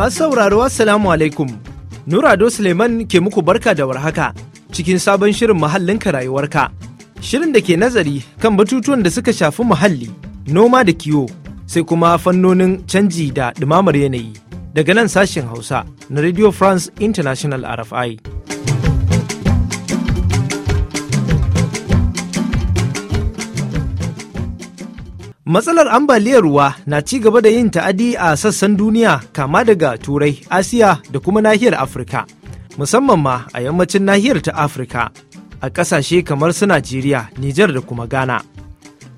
Masu sauraro Assalamu alaikum. Nurado Suleiman ke muku barka da warhaka cikin sabon shirin muhallinka rayuwarka. Shirin da ke nazari kan batutuwan da suka shafi muhalli, noma da kiwo, sai kuma fannonin canji da dumamar yanayi. Daga nan sashen Hausa na Radio France International RFI. Matsalar ambaliyar ruwa na ci gaba da yin ta'adi a sassan duniya kama daga Turai, Asiya da kuma nahiyar Afirka, musamman ma a yammacin nahiyar ta Afirka, a ƙasashe kamar su Najeriya, Nijar da kuma Ghana.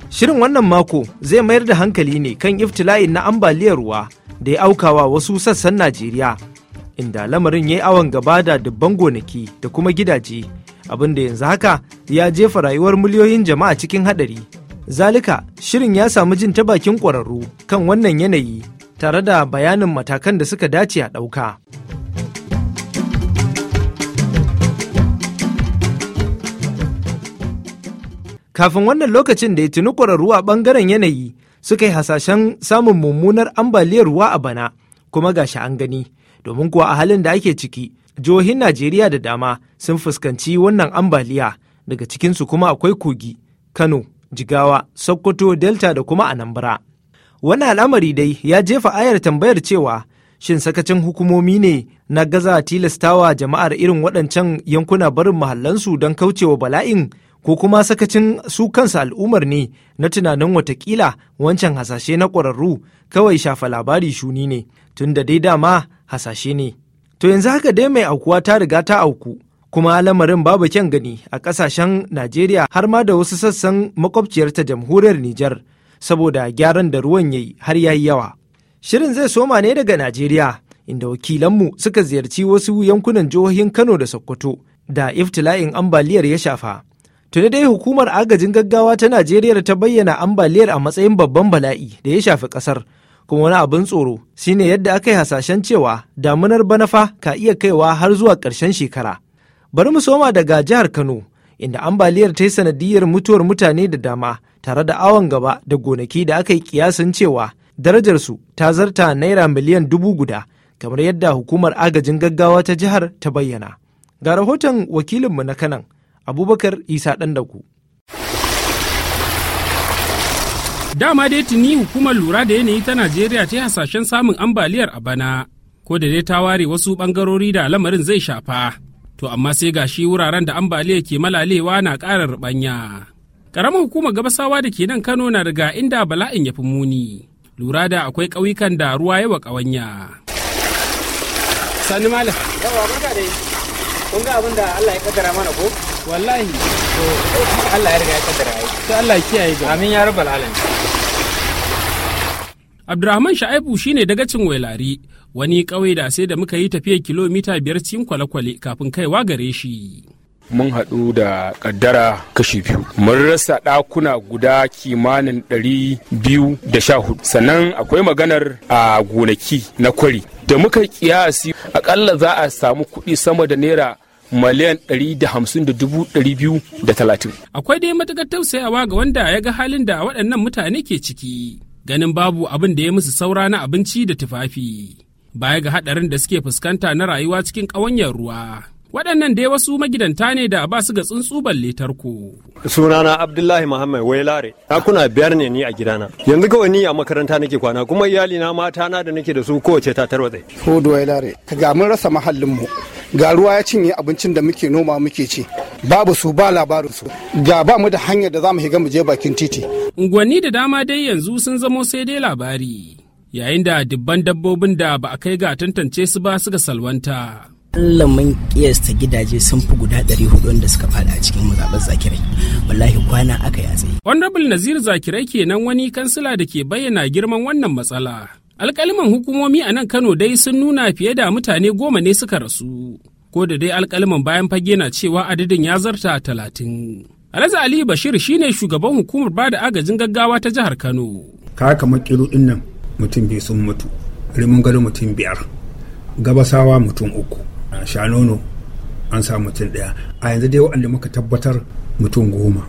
Shirin wannan mako zai mayar da hankali ne kan iftila'in na ambaliyar ruwa da ya aukawa wasu sassan Najeriya, inda lamarin ya yi awon gaba da dubban gonaki da kuma gidaje, abin da yanzu haka ya jefa rayuwar miliyoyin jama'a cikin haɗari. Zalika shirin ya samu jin ta bakin ƙwararru kan wannan yanayi tare da bayanin matakan da suka dace a ɗauka. Kafin wannan lokacin da ya tuni ƙwararru a ɓangaren yanayi suka yi hasashen samun mummunar ambaliyar ruwa a bana kuma gashi an gani domin kuwa a halin da ake ciki jihohin Najeriya da dama sun fuskanci wannan ambaliya daga cikinsu kuma akwai kogi, Kano, Jigawa, Sokoto, Delta da kuma Anambra. Wani al'amari dai ya jefa ayar tambayar cewa shin sakacin hukumomi ne na gaza tilastawa jama'ar irin waɗancan yankuna barin mahallansu don kaucewa bala'in ko kuma sakacin su kansa al'ummar ne na tunanin watakila wancan hasashe na ƙwararru kawai shafa labari shuni ne tun da dai dama hasashe ne. To yanzu haka dai mai aukuwa ta riga ta auku kuma lamarin babu kyan gani a kasashen najeriya har ma da wasu sassan makwabciyarta jamhuriyar nijar saboda gyaran da ruwan yayi har yayi yawa shirin zai soma ne daga najeriya inda wakilanmu suka ziyarci wasu yankunan jihohin kano da sokoto da iftila'in ambaliyar ya shafa tuni dai hukumar agajin gaggawa ta najeriya ta bayyana ambaliyar a matsayin babban bala'i da ya shafi kasar kuma wani abin tsoro shine yadda aka yi hasashen cewa damunar banafa ka iya kaiwa har zuwa ƙarshen shekara Bari mu soma daga jihar Kano, inda ambaliyar ta yi sanadiyar mutuwar mutane da dama tare da awon gaba da gonaki da aka yi kiyasin cewa darajarsu ta zarta naira miliyan dubu guda kamar yadda hukumar agajin gaggawa ta jihar ta bayyana. Ga rahoton wakilinmu na kanan, Abubakar Isa Ɗandaku. Dama dai tuni hukumar lura da yanayi ta Najeriya ta hasashen samun ambaliyar a bana, ko da dai ta ware wasu bangarori da lamarin zai shafa. to amma sai ga shi wuraren da ambaliya ke malalewa na ƙara rubanya Ƙaramin hukumar gabasawa da ke nan kano na riga inda bala'in ya fi muni lura da akwai ƙauyukan da ruwa yawa ƙawanya sani malam yawa barka dai kun ga abin da Allah ya kaddara mana ko wallahi to Allah ya riga ya kaddara ya to Allah ya kiyaye ga amin ya rabbal alamin Abdurrahman Sha'ibu shine dagacin Wailari wani ƙauye da sai da muka yi tafiyar kilomita biyar cikin kwale-kwale kafin kaiwa gare shi. mun haɗu da ƙaddara kashi biyu mun rasa ɗakuna guda kimanin ɗari biyu da sha hudu sannan akwai maganar a gonaki na kwari da muka kiyasi akalla za a samu kuɗi sama da naira miliyan ɗari da hamsin da dubu ɗari biyu da talatin. akwai dai matuƙar tausayawa ga wanda ya ga halin da waɗannan mutane ke ciki ganin babu abin da ya musu saura na abinci da tufafi. baya ga haɗarin da suke fuskanta na rayuwa cikin ƙawanyar ruwa. waɗannan dai wasu magidanta ne da ba su ga tsuntsu balle tarko. sunana abdullahi muhammad wailare ɗakuna biyar ne ni a gidana yanzu kawai ni a makaranta nake kwana kuma iyalina mata na da nake da su kowace ta tarwatse. hudu wailare ga mun rasa mu ga ruwa ya cinye abincin da muke noma muke ci babu su ba labarin su ga ba mu da hanyar da za mu shiga mu je bakin titi. unguwanni da dama dai yanzu sun zamo sai dai labari yayin da dubban dabbobin da ba a kai ga tantance su ba suka salwanta. Allah mun kiyasta gidaje sun fi guda 400 wanda suka fada a cikin mazaɓar zakirai wallahi kwana aka yatsi. Honorable Nazir Zakirai kenan wani kansila da ke bayyana girman wannan matsala. Alƙaliman hukumomi a nan Kano dai sun nuna fiye da mutane goma ne suka rasu. Ko da dai alƙaliman bayan fage na cewa adadin ya zarta talatin. Alhaji Ali Bashir shine shugaban hukumar bada agajin gaggawa ta jihar Kano. Ka kama ƙiru ɗin nan mutum biyu sun mutu rimin gado mutum biyar gabasawa mutum uku shanono an sa mutum ɗaya a yanzu dai waɗanda muka tabbatar mutum goma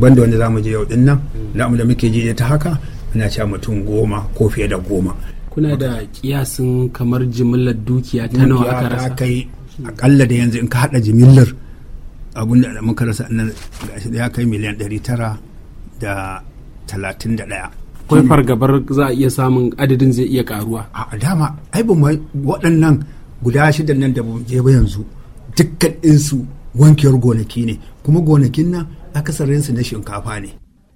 banda wanda mu je yau din nan da da muke ji ta haka ana cewa mutum goma ko fiye da goma kuna da kiyasin kamar jimillar dukiya ta nawa aka rasa kai akalla da yanzu in ka hada jimillar abun da muka rasa nan gashi da ya kai miliyan ɗari tara da talatin da ɗaya akwai fargabar za a iya samun adadin zai iya karuwa a dama ai ba waɗannan guda shida nan da je ba yanzu dukkan ɗinsu wankiyar gonaki ne kuma gonakin nan akasarinsu na shinkafa ne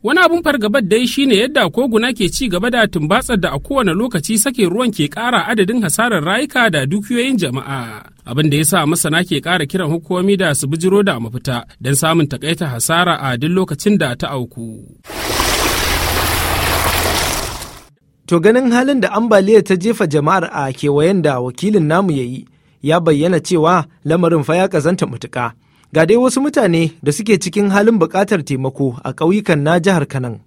wani abun fargabar dai shine yadda koguna ke ci gaba da tumbatsar da a kowane lokaci sake ruwan ke kara adadin hasarar rayuka da dukiyoyin jama'a abin da ya sa masana ke kara kiran hukumomi da su bijiro da mafita don samun takaita hasara a duk lokacin da ta auku. To ganin halin da ambaliya ta jefa jama'ar a kewayen da wakilin namu ya yi, ya bayyana cewa lamarin fa ya kazanta mutuka. Ga dai wasu mutane da suke cikin halin buƙatar taimako a ƙauyukan na jihar Kanan.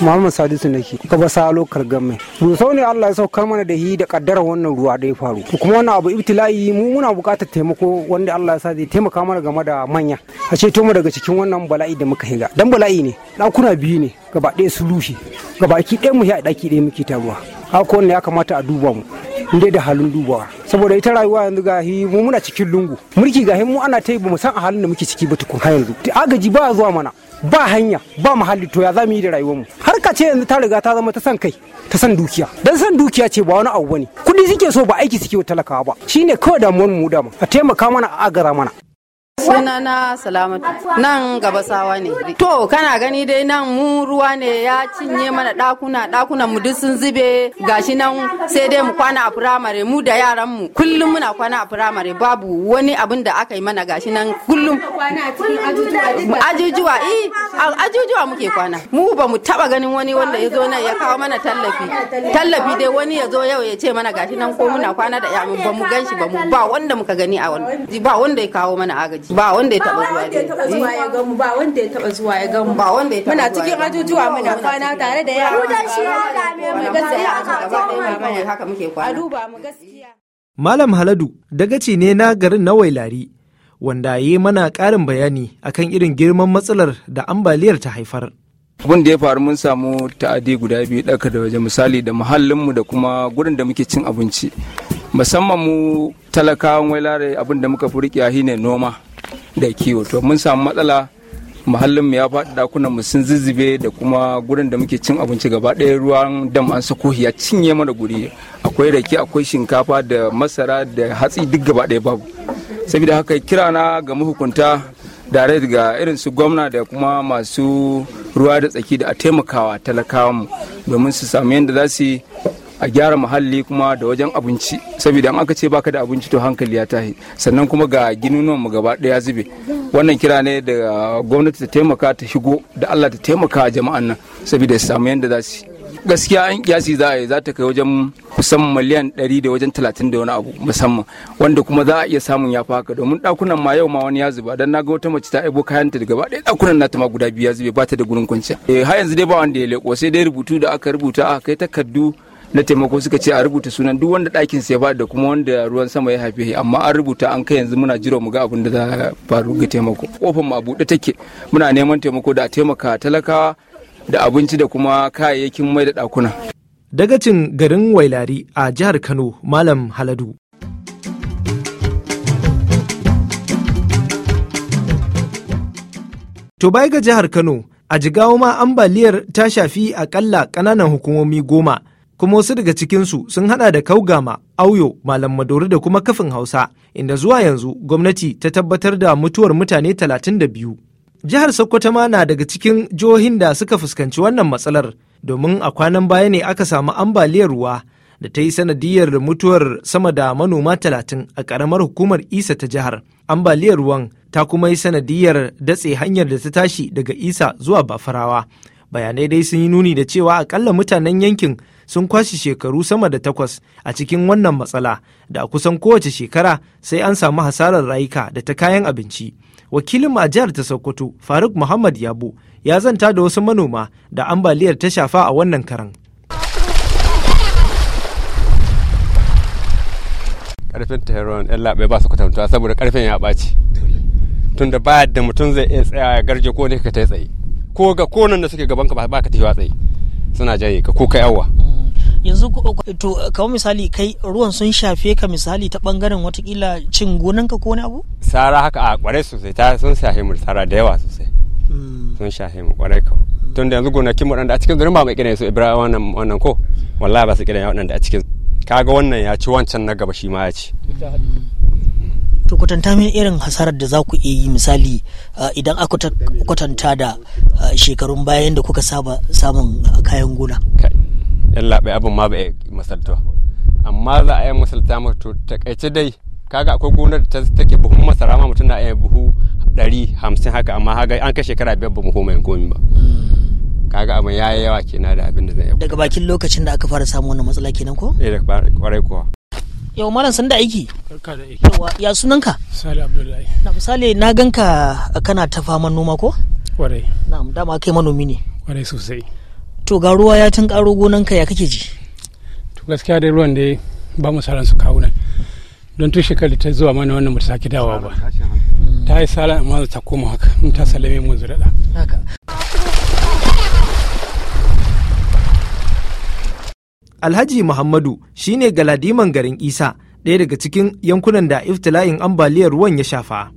Muhammad Sadisu nake ka ba sa lokar gamme sau ne Allah ya sauka mana da hi da kaddara wannan ruwa da ya faru kuma wannan abu ibtila'i mu muna buƙatar taimako wanda Allah ya sa zai taimaka mana game da manya a ceto mu daga cikin wannan bala'i da muka higa dan bala'i ne ɗakuna biyu ne gaba ɗaya su rushe gaba ki ɗaya mu ya ɗaki ɗaya muke taruwa haka wannan ya kamata a duba mu in dai da halin dubawa saboda ita rayuwa yanzu gahi mu muna cikin lungu mulki gahi mu ana ta yi ba mu san a halin da muke ciki ba tukun har yanzu agaji ba zuwa mana ba hanya ba muhalli to ya zamu yi da rayuwar har ka ce yanzu ta riga ta zama ta san kai ta san dukiya dan san dukiya ce ba wani abu bane kudi suke so ba aiki suke wa talakawa ba shine kawai damuwar mu dama a taimaka mana a agara mana suna na salamatu nan gaba sawa ne to kana gani dai nan mu ruwa ne ya cinye mana dakuna dakuna mu duk sun zube gashi nan sai dai mu kwana a firamare mu da yaran mu kullum muna kwana a firamare babu wani abin da aka yi mana gashi nan kullum ajujuwa eh ajujuwa muke kwana mu ba mu taba ganin wani wanda ya zo nan ya kawo mana tallafi tallafi dai wani ya zo yau ya ce mana gashi nan ko muna kwana da yamin ba mu gan shi ba mu ba wanda muka gani a wani ba wanda ya kawo mana agaji ba wanda ya taba zuwa ya gamu ba wanda ya taba zuwa ya gamu ba wanda ya taba muna cikin ajujuwa muna kwana tare da yara da shi ya dame mu gaskiya haka muke kwana a duba mu gaskiya Malam Haladu dagaci ne na garin na Wailari wanda ya mana ƙarin bayani akan irin girman matsalar da ambaliyar ta haifar. abin da ya faru mun samu ta'adi guda biyu daga da waje misali da muhallinmu da kuma gurin da muke cin abinci musamman mu talakawan wailare abin da muka fi riƙe shine noma da kiwo to mun samu matsala muhallin mu ya faɗi dakunan mu sun zizzube da kuma gurin da muke cin abinci gaba ɗaya ruwan dam an sako ya cinye mana guri akwai rake akwai shinkafa da masara da hatsi duk gaba ɗaya babu saboda haka kira na ga mahukunta dare ga irin su gwamna da kuma masu ruwa da tsaki da a taimakawa talakawa mu domin su samu yadda za su a gyara muhalli kuma da wajen abinci saboda an aka ce baka da abinci to hankali ya tahi sannan kuma ga ginunan mu gaba daya zube wannan kira ne da gwamnati ta taimaka ta shigo da Allah ta taimaka jama'an nan saboda su samu yanda za su gaskiya an kiyasi za a yi za ta kai wajen kusan miliyan 100 da wajen 30 da wani abu musamman wanda kuma za a iya samun ya haka domin dakunan ma yau ma wani ya zuba dan naga wata mace ta aibo kayanta daga baɗe dakunan nata ma guda biyu ya zube ba ta da gurin kwanciya eh har yanzu dai ba wanda ya leko sai dai rubutu da aka rubuta aka kai takardu na taimako suka ce a rubuta sunan duk wanda ɗakin sai ba da kuma wanda ruwan sama ya haife amma an rubuta an kai yanzu muna jira mu ga abin da za a faru ga taimako kofin mu a buɗe take muna neman taimako da taimaka talakawa da abinci da kuma kayayyakin mai da ɗakuna. dagacin garin wailari a jihar kano malam haladu to bai ga jihar kano a jigawa ma ambaliyar ta shafi akalla ƙananan hukumomi goma kuma wasu daga cikinsu sun hada da kaugama auyo malam madori da kuma kafin hausa inda zuwa yanzu gwamnati ta tabbatar da mutuwar mutane 32 jihar sokoto ma na daga cikin jihohin da suka fuskanci wannan matsalar domin a kwanan baya ne aka samu ambaliyar ruwa da ta yi sanadiyar mutuwar sama da manoma 30 a karamar hukumar isa ta jihar ambaliyar ruwan ta kuma yi sanadiyar datse hanyar da ta tashi daga isa zuwa bafarawa bayanai dai sun yi nuni da cewa akalla mutanen yankin sun kwashe shekaru sama da takwas a cikin wannan matsala da a kusan kowace shekara sai an samu hasarar rayuka da ta kayan abinci wakilin a jihar ta sokoto faruk muhammad yabo ya zanta da wasu manoma da ambaliyar ta shafa a wannan karan karfin tehran yan labe ba su kwatantawa saboda karfin ya ɓaci tunda bayan da mutum zai iya tsaya ya garje ko ne ka ta tsaye ko ga konan da suke gaban ka ba ka tafiya tsaye suna jaye ka ko ka yawa yanzu to kawo misali kai ruwan sun shafe ka misali ta bangaren watakila cin gonanka ko wani abu sara haka a kwarai sosai ta sun shafe mu sara da yawa sosai hmm. sun shafe mu kwarai ka hmm. tun da yanzu gonakin mu a cikin zurin ba mai kiran su ibrahim wannan wannan ko wallahi ba su kiran wadanda a cikin kaga wannan ya ci wancan na gaba shi ma ya ci to kwatanta min irin hasarar da za ku iya yi misali idan aka kwatanta da shekarun bayan da kuka saba samun kayan gona yallaɓai abin ma ba ya masalta amma za a yi masalta mato takaice dai kaga akwai gonar da ke buhun masara ma mutum na iya buhu dari hamsin haka amma haga an kai shekara biyar ba mu koma yin komi ba hmm. kaga abin ya yi yawa kenan da abin da zai daga bakin lokacin da aka fara samu wannan matsala kenan ko eh da kwarai kuwa yau malam sanda aiki yawa ya sunanka sale abdullahi na misali na ganka kana ta faman noma ko kwarai na dama kai manomi ne kwarai sosai to ga ruwa ya tun karo gonan ka ya kake ji to gaskiya dai ruwan dai ba mu saran su kawo nan don tun shekaru ta zuwa mana wannan mu ta sake dawowa ba ta yi sala amma za ta koma haka in ta salame mu zurada Alhaji Muhammadu shine galadiman garin Isa ɗaya daga cikin yankunan da iftila'in ambaliyar ruwan ya shafa.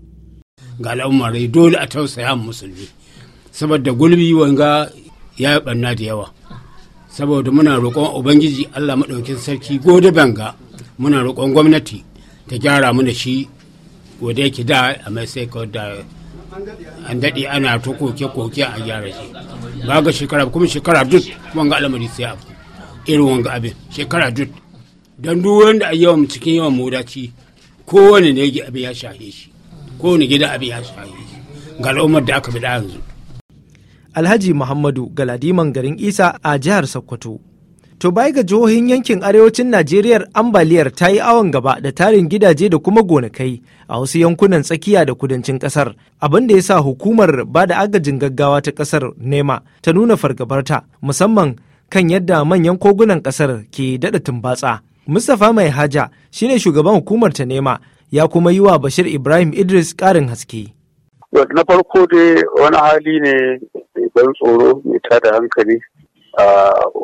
Ga al'ummar dole a tausaya musulmi saboda gulbi wanga ya yi ɓanna da yawa saboda muna roƙon ubangiji allah maɗaukin sarki gode banga muna roƙon gwamnati ta gyara mana shi wadda yake da a mai sai da an daɗe ana ta koke-koke a gyara shi ba ga shekara kuma shekara duk wanga alamari sai abu irin wanga abin shekara duk don duk wanda a yawan cikin yawan modaci kowane ne abin ya shahe shi kowane gida abin ya shahe shi ga al'ummar da aka bi da yanzu Alhaji Muhammadu Galadiman garin Isa a jihar Sokoto. To bai ga jihohin yankin arewacin Najeriya ambaliyar ta yi awon gaba da tarin gidaje da kuma gonakai a wasu yankunan tsakiya da kudancin kasar, abin da ya sa hukumar ba da agajin gaggawa ta kasar nema ta nuna fargabarta musamman kan yadda manyan kogunan kasar ke daɗa tumbatsa. Mustapha Mai Haja shine shugaban hukumar ta nema ya kuma yi wa Bashir Ibrahim Idris ƙarin haske. na farko dai wani hali ne ban tsoro mai tada hankali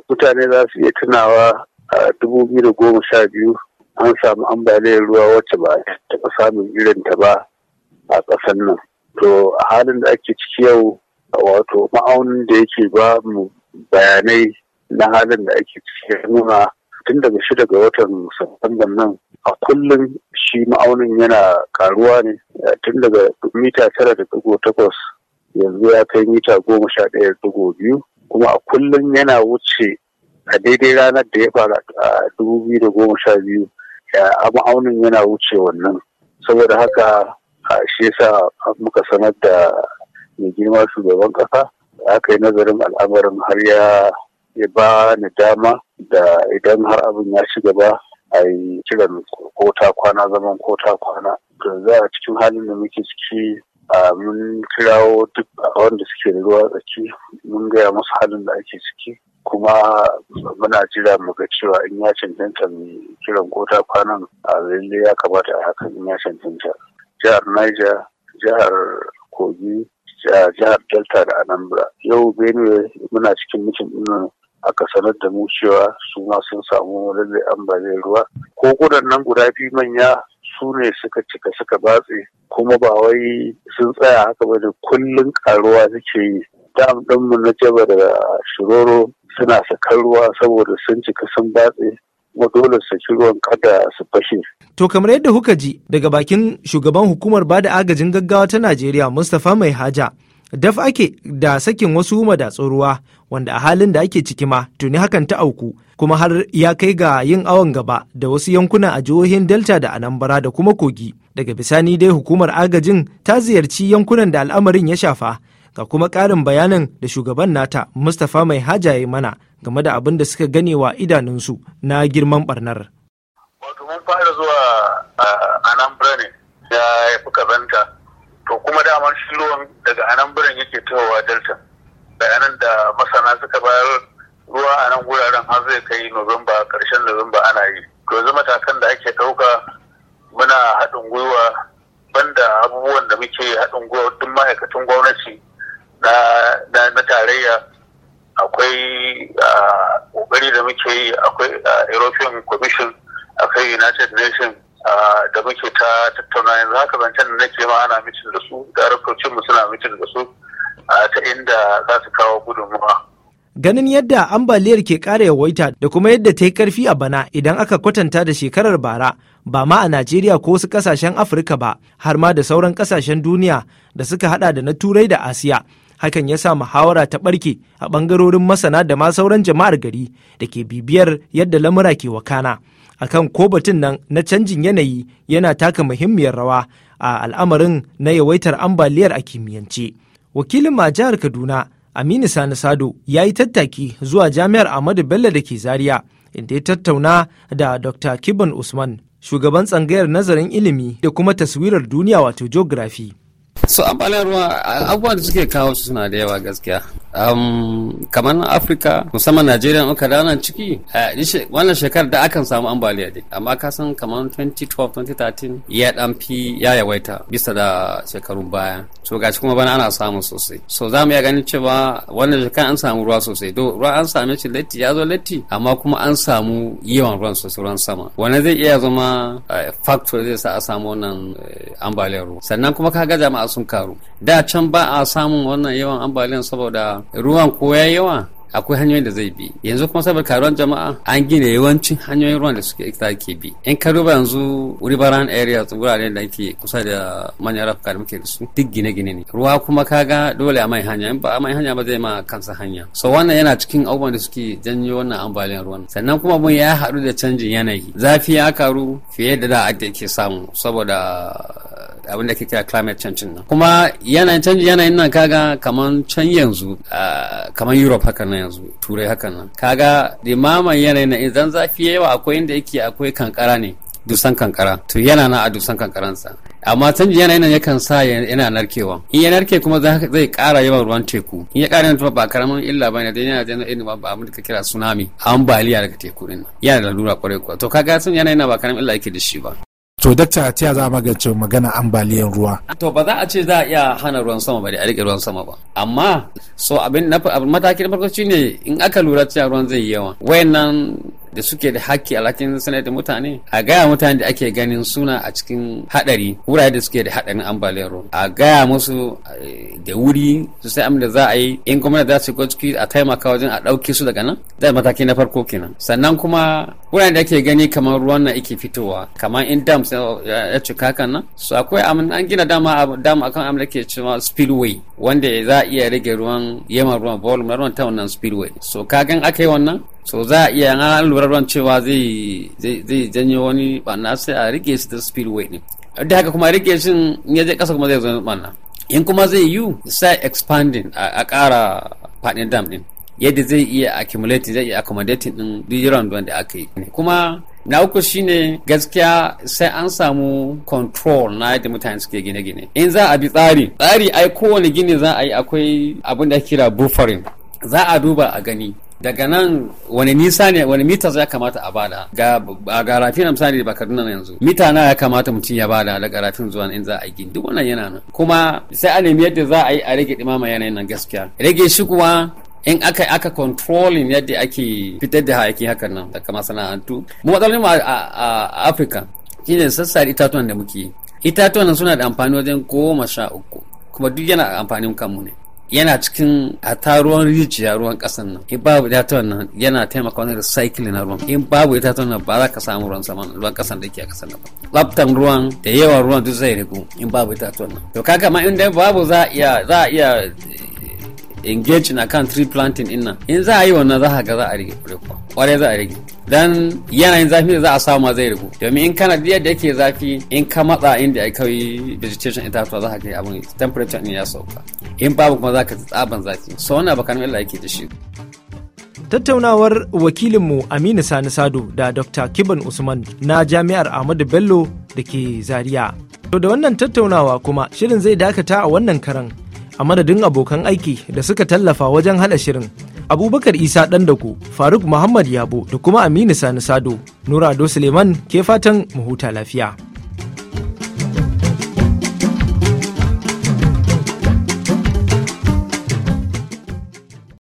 mutane za su iya tunawa a dubu biyu da goma sha biyu an samu ambaliyar ruwa wacce ba taɓa samun irin ta ba a ƙasar nan to a halin da ake ciki yau wato ma'aunin da yake ba mu bayanai na halin da ake ciki nuna tun daga shi daga watan musamman nan a kullum shi ma'aunin yana karuwa ne tun daga mita tara da takwas yanzu ya kai mita goma sha ɗaya dubu biyu kuma a kullum yana wuce a daidai ranar da ya fara a dubu biyu da goma sha biyu a ma'aunin yana wuce wannan saboda haka shi yasa muka sanar da mai girma shugaban ƙasa aka yi nazarin al'amarin har ya ba ni dama da idan har abin ya ci gaba a yi kiran kota kwana zaman kota kwana Yanzu za a cikin halin da muke ciki Ah, mun kirawo duk wanda suke da ruwa tsaki mun gaya musu halin da ake ciki kuma muna jira mu ga cewa in ya cancanta mai kiran kota kwanan a ah, lalle ya kamata a hakan in ya cancanta jihar niger jihar kogi ah, jihar delta da anambra yau benue muna cikin mutum ɗin aka sanar da mu cewa su ma sun samu lalle ambaliyar ruwa ko nan guda biyu manya su ne suka cika suka batse kuma ba wai sun tsaya haka ba da kullun karuwa suke yi dam ɗinmu na jaba da shiroro suna sakar ruwa saboda sun cika sun batse kuma dole su ci ruwan kada su fashe. To kamar yadda kuka ji daga bakin shugaban hukumar bada agajin gaggawa ta Najeriya Mustapha Mai Haja daf ake da sakin wasu madatsun ruwa wanda a halin da ake ciki ma tuni hakan ta auku kuma har ya kai ga yin awon gaba da wasu yankuna a jihohin delta da anambra da kuma kogi daga bisani dai hukumar agajin ta ziyarci yankunan da al'amarin ya shafa ga kuma ƙarin bayanin da shugaban nata mustapha mai hajaye mana game da abin da suka gane wa idanunsu na girman barnar. wato mun fara zuwa anambra ne ya fi kazanta to kuma daman shi daga anambra yake tawowa delta bayanan da masana suka bayar ruwa a nan wuraren har zai kai Nuwamba karshen Nuwamba ana yi. Yanzu matakan da ake ɗauka muna haɗin gwiwa banda abubuwan da muke haɗin gwiwa duk ma'aikatan gwamnati na tarayya akwai ƙoƙari da muke yi akwai European Commission akwai United Nations da muke ta tattauna yanzu haka zancen da nake ma ana mitin da su da mu suna mitin da su ta inda za su kawo gudunmuwa. Ganin yadda ambaliyar ke ƙara yawaita da kuma yadda ta yi ƙarfi a bana idan aka kwatanta da shekarar bara ba ma a Najeriya ko wasu ƙasashen Afirka ba har ma da sauran ƙasashen duniya da suka hada da na Turai da Asiya. Hakan ya sa muhawara ta ɓarke a ɓangarorin masana da ma sauran jama'ar gari da ke bibiyar yadda lamura ke wakana. akan ko batun nan na canjin yanayi yana taka muhimmiyar rawa a al'amarin na yawaitar ambaliyar a kimiyyance. wakilin ma jihar kaduna aminu sani sado ya yi tattaki zuwa jami'ar ahmadu bello da ke zaria inda ya tattauna da dr kibban usman shugaban tsangayar nazarin ilimi da kuma taswirar duniya wato geography so ambaliyar ruwa abubuwan da suke kawo su suna da yawa gaskiya um, kamar na afirka musamman najeriya muka ranar ciki wannan shekarar da akan samu ambaliya dai amma ka san kamar 2012 2013 ya dan fi ya yawaita bisa da shekaru baya so gashi kuma bana ana samu sosai so za mu iya ganin cewa wannan shekarar an samu ruwa sosai do ruwa an same shi latti ya zo latti amma kuma an samu yawan ruwan sosai ruwan sama wannan zai iya zama factor zai sa a samu wannan eh, ambaliyar ruwa sannan kuma ka ga jama'a sun karu da can ba a samun wannan yawan ambaliyan saboda ruwan ko ya yawa akwai hanyoyin da zai bi yanzu kuma saboda karuwan jama'a an gina yawancin hanyoyin ruwan da suke ke bi in ka duba yanzu riverine area wuraren da ake kusa da manyan rafuka da muke da su duk gine-gine ne ruwa kuma kaga dole a mai hanya in ba a mai hanya ba zai ma kansa hanya so wannan yana cikin abubuwan da suke janyo wannan ambaliyar ruwan sannan kuma mun ya haɗu da canjin yanayi zafi ya karu fiye da da ake samu saboda abinda da ke kira climate change nan kuma yanayin canji yanayin nan kaga kaman can yanzu kaman Europe haka nan yanzu turai haka nan kaga limaman yanayin nan idan zafi yawa akwai inda yake akwai kankara ne dusan kankara to yana na a dusan kankaransa amma canji yanayin nan yakan sa yana narkewa in ya narke kuma zai kara yawan ruwan teku in ya kara yawan ba karamin illa ne dan yana da irin ba abin da ka kira tsunami ambaliya daga teku din yana da lura kwarai kuwa to kaga sun yanayin ba karamin illa yake da shi ba to dakta ta za a magance magana ambaliyar ruwa to ba za a ce za a iya hana ruwan sama ba da a rike ruwan sama ba amma so abin na mataki farko shine in aka lura cewa ruwan zai yi yawa wayannan da suke da haƙƙi alhakin sanar da mutane a gaya mutane da ake ganin suna a cikin haɗari wurare da suke da haɗarin ambaliyar ruwa a gaya musu eh, da wuri su sai da za a yi in gwamnati za su go ciki a taimaka wajen a ɗauke su daga nan da mataki na farko kenan sannan kuma wurare da ake gani kamar ruwan na ike fitowa kamar in dam eh, ya cika kan nan su akwai an gina dama dam akan amma ke cewa spillway wanda za a iya rage ruwan yaman ruwan na ruwan ta wannan spillway so kagan aka yi wannan so za a iya an lura ruwan cewa zai janyo wani bana sai a rike shi da spillway ne da haka kuma rike shi in ya je kasa kuma zai zama barna in kuma zai yi sai expanding a ƙara faɗin dam din yadda zai iya accumulating zai iya accommodating din duk round da aka yi kuma na uku shine gaskiya sai an samu control na yadda mutane suke gine-gine in za a bi tsari tsari ai kowane gini za a yi akwai abin da kira buffering za a duba a gani daga nan wani nisa ne wani mita ya kamata a bada ga ga rafin na misali ba kaduna na yanzu mita na ya kamata mutum ya bada daga rafin zuwa in za a gini duk wannan yana nan kuma sai a nemi yadda za a yi a rage dimama yanayin nan gaskiya rage shi in aka aka controlling yadda ake fitar da hayaki hakan nan daga masana'antu mu matsalolin a Afirka shine sassare itatuwan da muke itatuwan suna da amfani wajen goma sha uku kuma duk yana amfanin kanmu ne yana cikin a ta ruwan rijiya ruwan kasan nan in babu itatuwan nan yana taimaka wani recycling na ruwan in babu itatuwan nan ba za ka samu ruwan saman ruwan kasan da ke a kasan nan ba tsaftan ruwan da yawan ruwan duk zai rigu in babu itatuwan nan to kaga ma inda babu za a iya za a iya engaging akan tree planting din nan in za a yi wannan za a ga za a rage kware za a rage dan yanayin zafi da za a samu zai rigu domin in kana da yadda yake zafi in ka matsa inda ai kai vegetation itatuwa za ka kai abin temperature din ya sauka in babu kuma za ka tsaban zafi so wannan kan Allah yake da shi tattaunawar wakilinmu aminu sani sado da dr kiban usman na jami'ar ahmadu bello da ke zaria to da wannan tattaunawa kuma shirin zai dakata a wannan karan a madadin abokan aiki da suka tallafa wajen hada shirin abubakar isa ɗandako faruk muhammad yabo da kuma aminu sani sado nura ado suleiman ke fatan mu huta lafiya